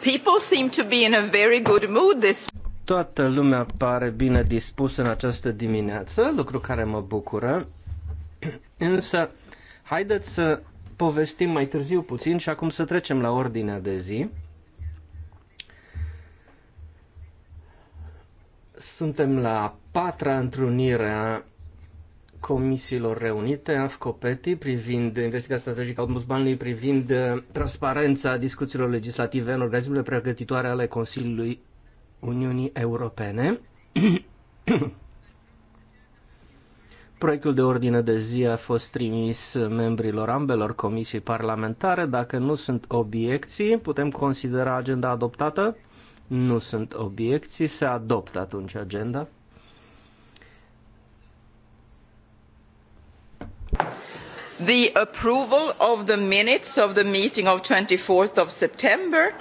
People seem to be in a very good mood this Toată lumea pare bine dispusă în această dimineață, lucru care mă bucură. Însă, haideți să povestim mai târziu puțin și acum să trecem la ordinea de zi. Suntem la patra întrunire a comisiilor reunite, AFCOPETI, privind investigația strategică a ombudsmanului, privind uh, transparența discuțiilor legislative în organismele pregătitoare ale Consiliului Uniunii Europene. Proiectul de ordine de zi a fost trimis membrilor ambelor comisii parlamentare. Dacă nu sunt obiecții, putem considera agenda adoptată? Nu sunt obiecții, se adoptă atunci agenda. the approval of the minutes of the meeting of 24th of September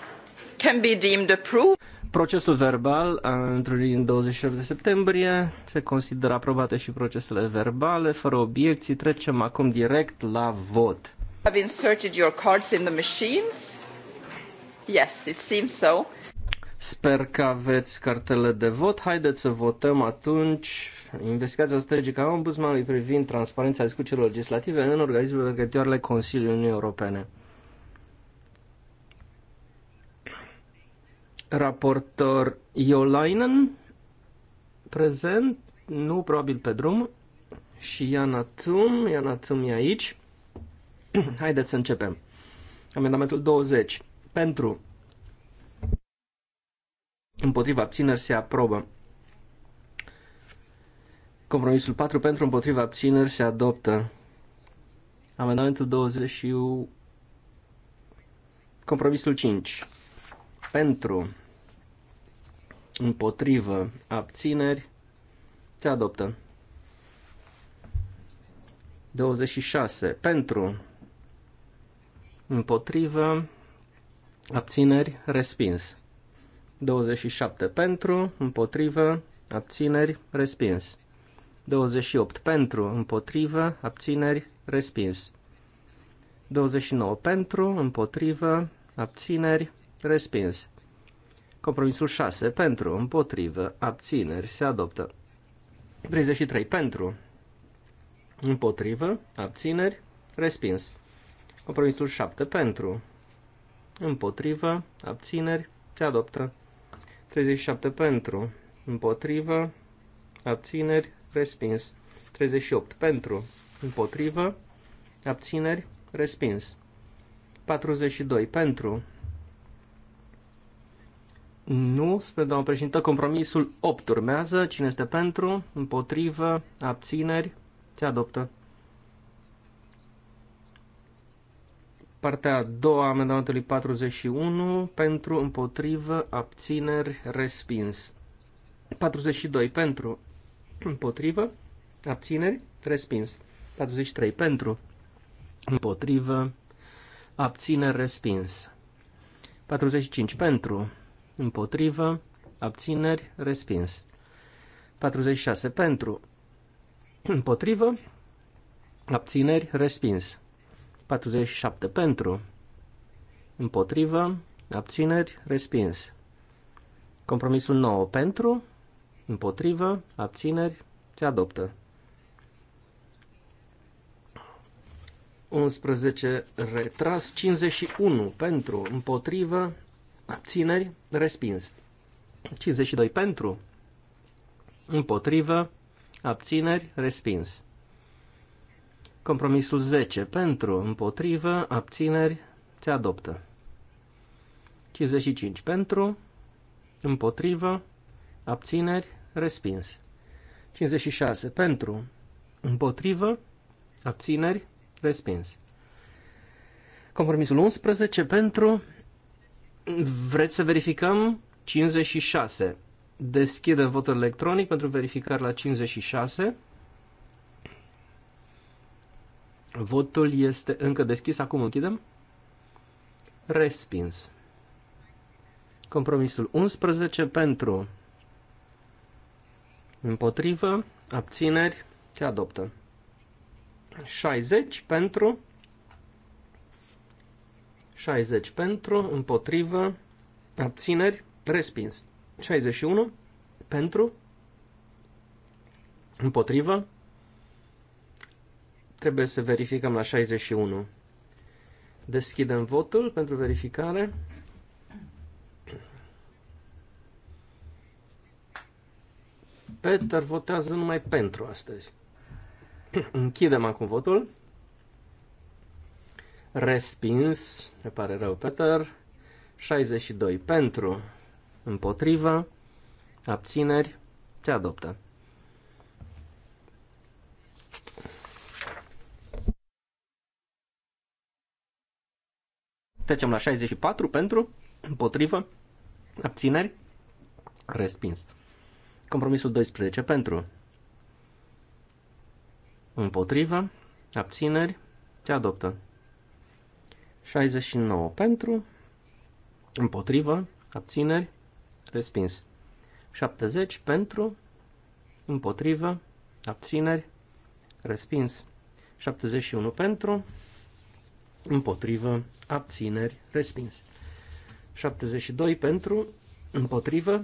can be deemed approved. Procesul verbal a întrunirii din 28 de septembrie se consideră aprobate și procesele verbale, fără obiecții. Trecem acum direct la vot. Have inserted your cards in the machines? Yes, it seems so. Sper că aveți cartele de vot. Haideți să votăm atunci investigația strategică a ombudsmanului privind transparența discuțiilor legislative în organismele pregătitoare Consiliului Uniunii Europene. Raportor Iolainen, prezent, nu probabil pe drum, și Iana Tum, Iana Tum e aici. Haideți să începem. Amendamentul 20. Pentru împotriva abțineri se aprobă. Compromisul 4 pentru împotriva abțineri se adoptă. Amendamentul 20 Compromisul 5 pentru împotrivă abțineri se adoptă. 26 pentru împotrivă abțineri respins. 27 pentru, împotrivă, abțineri, respins. 28 pentru, împotrivă, abțineri, respins. 29 pentru, împotrivă, abțineri, respins. Compromisul 6 pentru, împotrivă, abțineri, se adoptă. 33 pentru, împotrivă, abțineri, respins. Compromisul 7 pentru, împotrivă, abțineri, se adoptă. 37 pentru, împotrivă, abțineri, respins. 38 pentru, împotrivă, abțineri, respins. 42 pentru. Nu, spre doamna președintă, compromisul 8 urmează. Cine este pentru, împotrivă, abțineri, se adoptă. Partea a doua a amendamentului 41 pentru, împotrivă, abțineri, respins. 42 pentru, împotrivă, abțineri, respins. 43 pentru, împotrivă, abțineri, respins. 45 pentru, împotrivă, abțineri, respins. 46 pentru, împotrivă, abțineri, respins. 47 pentru, împotrivă, abțineri, respins. Compromisul 9 pentru, împotrivă, abțineri, se adoptă. 11 retras, 51 pentru, împotrivă, abțineri, respins. 52 pentru, împotrivă, abțineri, respins. Compromisul 10 pentru, împotrivă, abțineri, se adoptă. 55 pentru, împotrivă, abțineri, respins. 56 pentru, împotrivă, abțineri, respins. Compromisul 11 pentru, vreți să verificăm 56. Deschidem votul electronic pentru verificare la 56. Votul este încă deschis. Acum închidem. Respins. Compromisul 11 pentru. Împotrivă. Abțineri. Se adoptă. 60 pentru. 60 pentru. Împotrivă. Abțineri. Respins. 61 pentru. Împotrivă. Trebuie să verificăm la 61. Deschidem votul pentru verificare. Peter votează numai pentru astăzi. Închidem acum votul. Respins, ne pare rău Peter. 62 pentru, împotriva, abțineri, se adoptă. Trecem la 64 pentru, împotrivă, abțineri, respins. Compromisul 12 pentru, împotrivă, abțineri, se adoptă. 69 pentru, împotrivă, abțineri, respins. 70 pentru, împotrivă, abțineri, respins. 71 pentru, împotrivă, abțineri, respins. 72 pentru, împotrivă,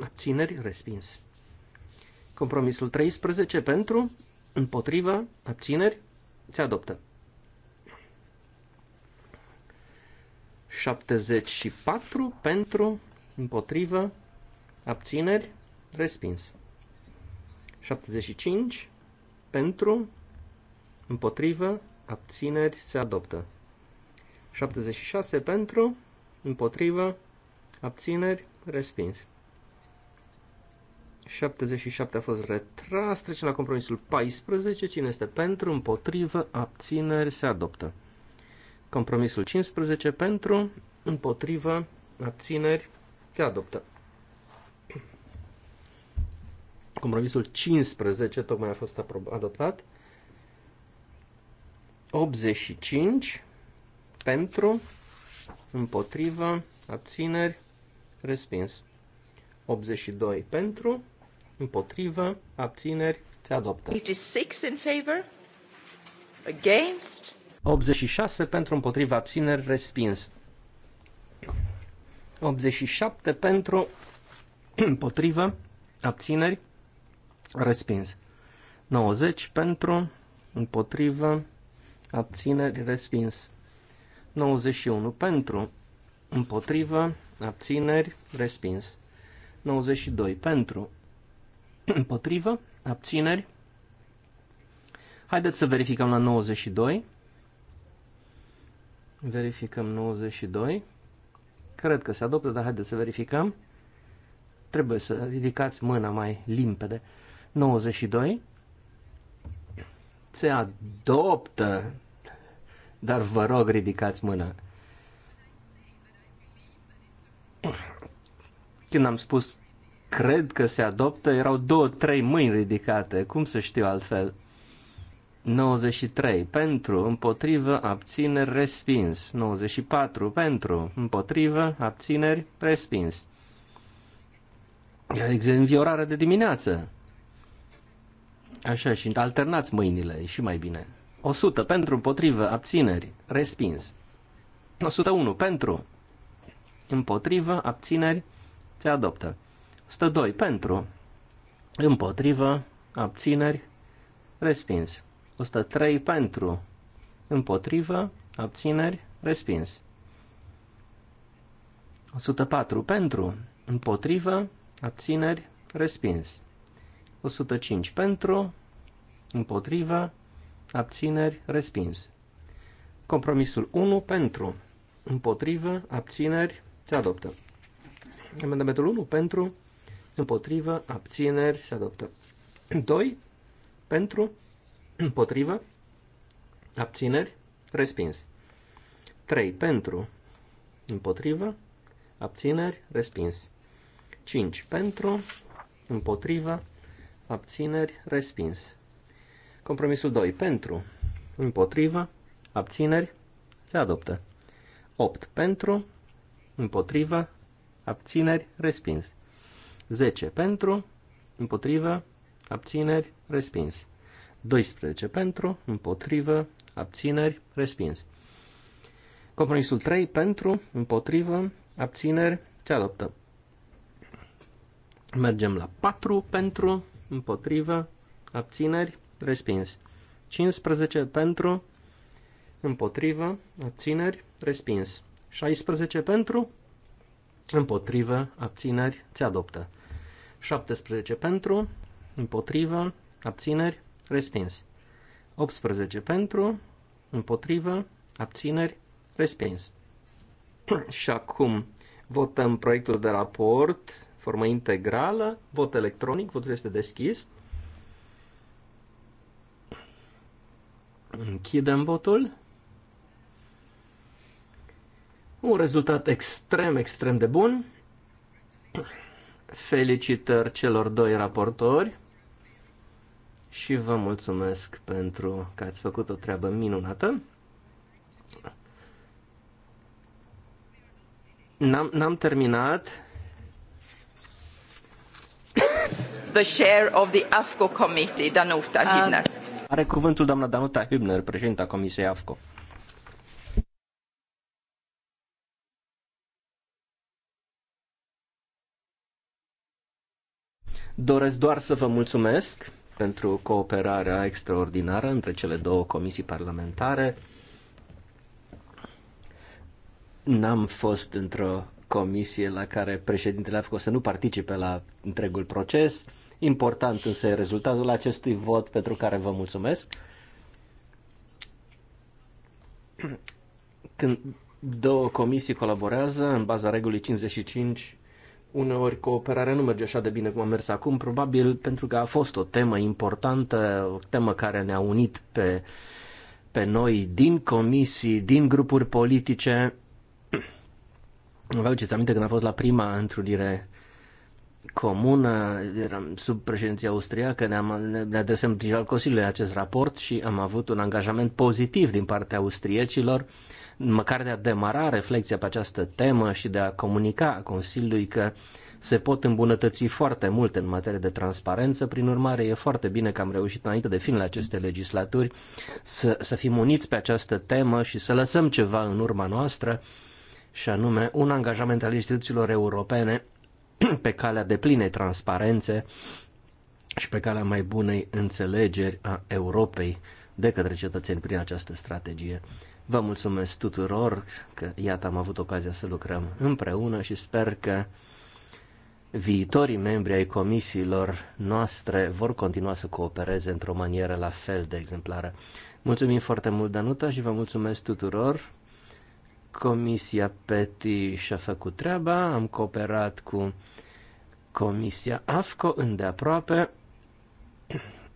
abțineri, respins. Compromisul 13 pentru, împotrivă, abțineri, se adoptă. 74 pentru, împotrivă, abțineri, respins. 75 pentru, împotrivă, abțineri, se adoptă. 76 pentru, împotrivă, abțineri, respins. 77 a fost retras, trecem la compromisul 14, cine este pentru, împotrivă, abțineri, se adoptă. Compromisul 15 pentru, împotrivă, abțineri, se adoptă. Compromisul 15 tocmai a fost adoptat. 85 pentru, împotrivă, abțineri, respins. 82 pentru, împotrivă, abțineri, se adoptă. 86 in favor, against. 86 pentru, împotrivă, abțineri, respins. 87 pentru, împotrivă, abțineri, respins. 90 pentru, împotrivă, abțineri, respins. 91 pentru, împotrivă, abțineri, respins. 92 pentru, împotrivă, abțineri. Haideți să verificăm la 92. Verificăm 92. Cred că se adoptă, dar haideți să verificăm. Trebuie să ridicați mâna mai limpede. 92 se adoptă, dar vă rog, ridicați mâna. Când am spus cred că se adoptă, erau două, trei mâini ridicate, cum să știu altfel. 93 pentru, împotrivă, abțineri, respins. 94 pentru, împotrivă, abțineri, respins. Exemplu, viorare de dimineață. Așa, și alternați mâinile, e și mai bine. 100 pentru, împotrivă, abțineri, respins. 101 pentru, împotrivă, abțineri, se adoptă. 102 pentru, împotrivă, abțineri, respins. 103 pentru, împotrivă, abțineri, respins. 104 pentru, împotrivă, abțineri, respins. 105 pentru, împotrivă, abțineri, respins. Compromisul 1 pentru, împotrivă, abțineri, se adoptă. Amendamentul 1 pentru, împotrivă, abțineri, se adoptă. 2 pentru, împotrivă, abțineri, respins. 3 pentru, împotrivă, abțineri, respins. 5 pentru, împotrivă, abțineri, respins. Compromisul 2 pentru, împotrivă, abțineri, se adoptă. 8 pentru, împotrivă, abțineri, respins. 10 pentru, împotrivă, abțineri, respins. 12 pentru, împotrivă, abțineri, respins. Compromisul 3 pentru, împotrivă, abțineri, se adoptă. Mergem la 4 pentru, împotrivă, abțineri, respins. 15 pentru, împotrivă, abțineri, respins. 16 pentru, împotrivă, abțineri, se adoptă. 17 pentru, împotrivă, abțineri, respins. 18 pentru, împotrivă, abțineri, respins. Și acum votăm proiectul de raport formă integrală, vot electronic, votul este deschis. Închidem votul. Un rezultat extrem, extrem de bun. Felicitări celor doi raportori și vă mulțumesc pentru că ați făcut o treabă minunată. N-am, terminat. the chair of the AFCO committee, Danuta ah. Hübner. Are cuvântul doamna Danuta Hübner, președinta Comisiei AFCO. Doresc doar să vă mulțumesc pentru cooperarea extraordinară între cele două comisii parlamentare. N-am fost într-o comisie la care președintele a făcut să nu participe la întregul proces. Important însă e rezultatul acestui vot pentru care vă mulțumesc. Când două comisii colaborează în baza regulii 55, uneori cooperarea nu merge așa de bine cum a mers acum, probabil pentru că a fost o temă importantă, o temă care ne-a unit pe, pe noi din comisii, din grupuri politice Vă aduceți aminte când a fost la prima întrunire comună, eram sub președinția austriacă, ne-am, ne adresăm deja Consiliului acest raport și am avut un angajament pozitiv din partea austriecilor, măcar de a demara reflexia pe această temă și de a comunica Consiliului că se pot îmbunătăți foarte mult în materie de transparență, prin urmare e foarte bine că am reușit înainte de finele acestei legislaturi să, să fim uniți pe această temă și să lăsăm ceva în urma noastră și anume un angajament al instituțiilor europene pe calea de pline transparențe și pe calea mai bunei înțelegeri a Europei de către cetățeni prin această strategie. Vă mulțumesc tuturor că, iată, am avut ocazia să lucrăm împreună și sper că viitorii membri ai comisiilor noastre vor continua să coopereze într-o manieră la fel de exemplară. Mulțumim foarte mult, Danuta, și vă mulțumesc tuturor. Comisia PETI și-a făcut treaba, am cooperat cu Comisia AFCO îndeaproape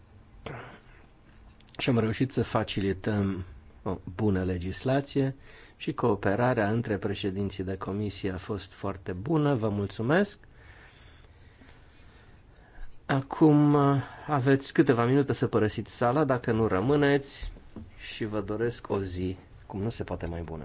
și am reușit să facilităm o bună legislație și cooperarea între președinții de comisie a fost foarte bună, vă mulțumesc. Acum uh, aveți câteva minute să părăsiți sala, dacă nu rămâneți și vă doresc o zi cum nu se poate mai bună.